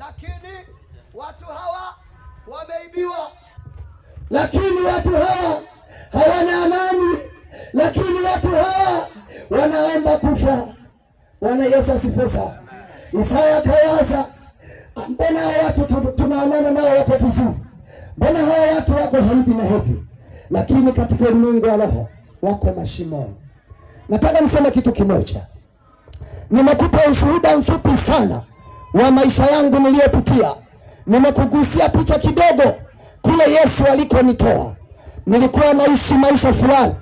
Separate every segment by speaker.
Speaker 1: lakini watu hawa wameibiwa, lakini watu hawa hawana amani, lakini watu hawa wanaomba kufa. Bwana Yesu asifiwe sana. Isaya kawaza, mbona hawa watu tunaonana nao wako vizuri, mbona hawa watu wako haibi na hivi, lakini katika ulimwengu wa roho wako mashimoni. Nataka niseme kitu kimoja, nimekupa ushuhuda mfupi sana wa maisha yangu niliyopitia, nimekugusia picha kidogo kule Yesu alikonitoa. Nilikuwa naishi maisha fulani,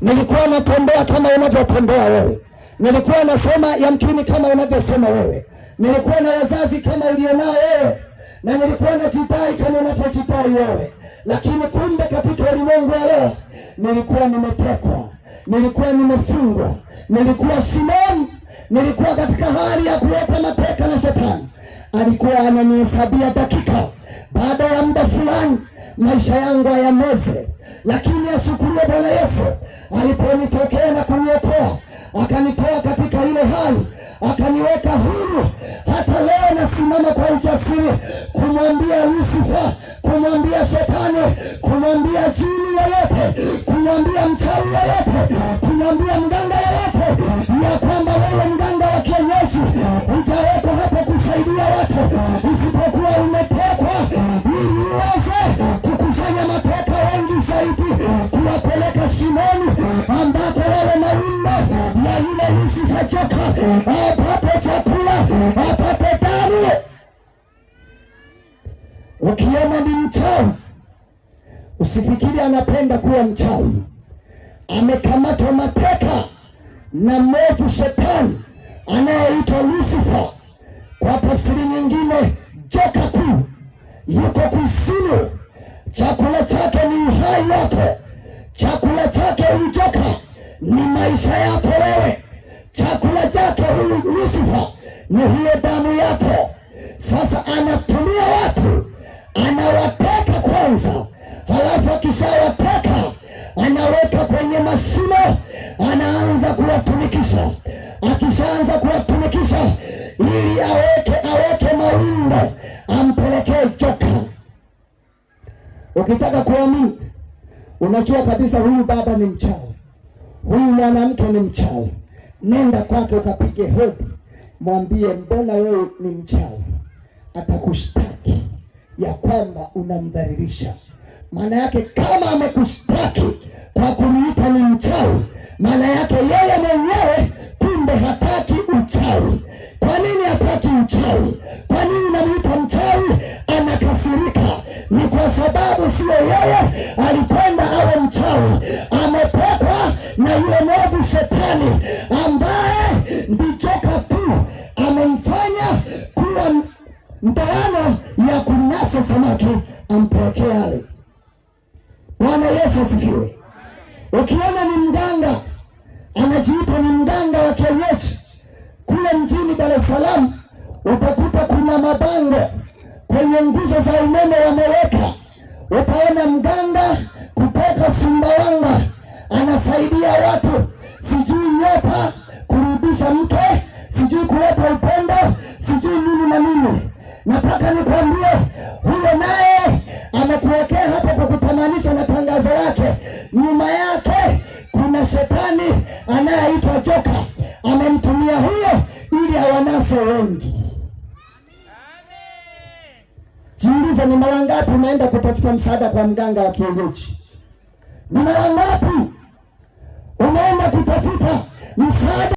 Speaker 1: nilikuwa natembea kama unavyotembea wewe, nilikuwa nasema yamkini kama unavyosema wewe, nilikuwa na wazazi kama ulionao wewe, na nilikuwa na jidai kama unavyojitai wewe, lakini kumbe katika ulimwengu wa leo nilikuwa nimetekwa, nilikuwa nimefungwa, nilikuwa Simoni nilikuwa katika hali ya kuweka mateka na shetani alikuwa ananihesabia dakika. Baada ya muda fulani maisha yangu hayameze, lakini ashukuruwe Bwana Yesu aliponitokea na kuniokoa, akanitoa katika ile hali, akaniweka huru. Hata leo nasimama kwa ujasiri kumwambia Lusifa, kumwambia shetani, kumwambia jini yoyote, kumwambia mchawi yoyote, kumwambia mganga yoyote apate chakula, apate damu. Ukiona ni mchawi, usifikiri anapenda kuwa mchawi. Amekamatwa mateka na mwovu shetani anayeitwa Lusifa, kwa tafsiri nyingine joka kuu. Yuko kusimu chakula chake ni uhai wako, chakula chake ujoka ni maisha yako wewe chakula chake huyu Lusifa ni hiyo damu yako. Sasa anatumia watu, anawateka kwanza, halafu akishawateka anaweka kwenye mashimo, anaanza kuwatumikisha. Akishaanza kuwatumikisha ili aweke aweke mawindo, ampelekee joka. Ukitaka kuamini, unajua kabisa huyu baba ni mchawi, huyu mwanamke ni mchawi nenda kwake ukapige hodi, mwambie mbona wewe ni mchawi. Atakushtaki ya kwamba unamdhalilisha. Maana yake kama amekushtaki kwa kumuita ni mchawi, maana yake yeye mwenyewe kumbe hataki uchawi. Kwa nini hataki uchawi? Kwa nini unamuita mchawi? Anakasirika ni kwa sababu sio yeye ali na yule mwovu shetani ambaye ndichoka tu amemfanya kuwa mtawano ya kunasa samaki ampelekea ale. Bwana Yesu asifiwe. Ukiona ni mganga anajiita ni mganga wa kienyeji kule mjini Dar es Salaam, utakuta kuna mabango kwenye nguzo za umeme wameweka, utaona mganga kutoka Sumbawanga anasaidia watu, sijui nyota, kurudisha mke, sijui kuleta upendo, sijui nini na nini. Nataka nikwambie huyo naye amekuwekea hapo kwa kutamanisha na tangazo lake. Nyuma yake kuna shetani anayeitwa joka, amemtumia huyo ili awanase wengi. Jiulize, ni mara ngapi umeenda kutafuta msaada kwa mganga wa kienyeji? Ni mara ngapi kutafuta msaada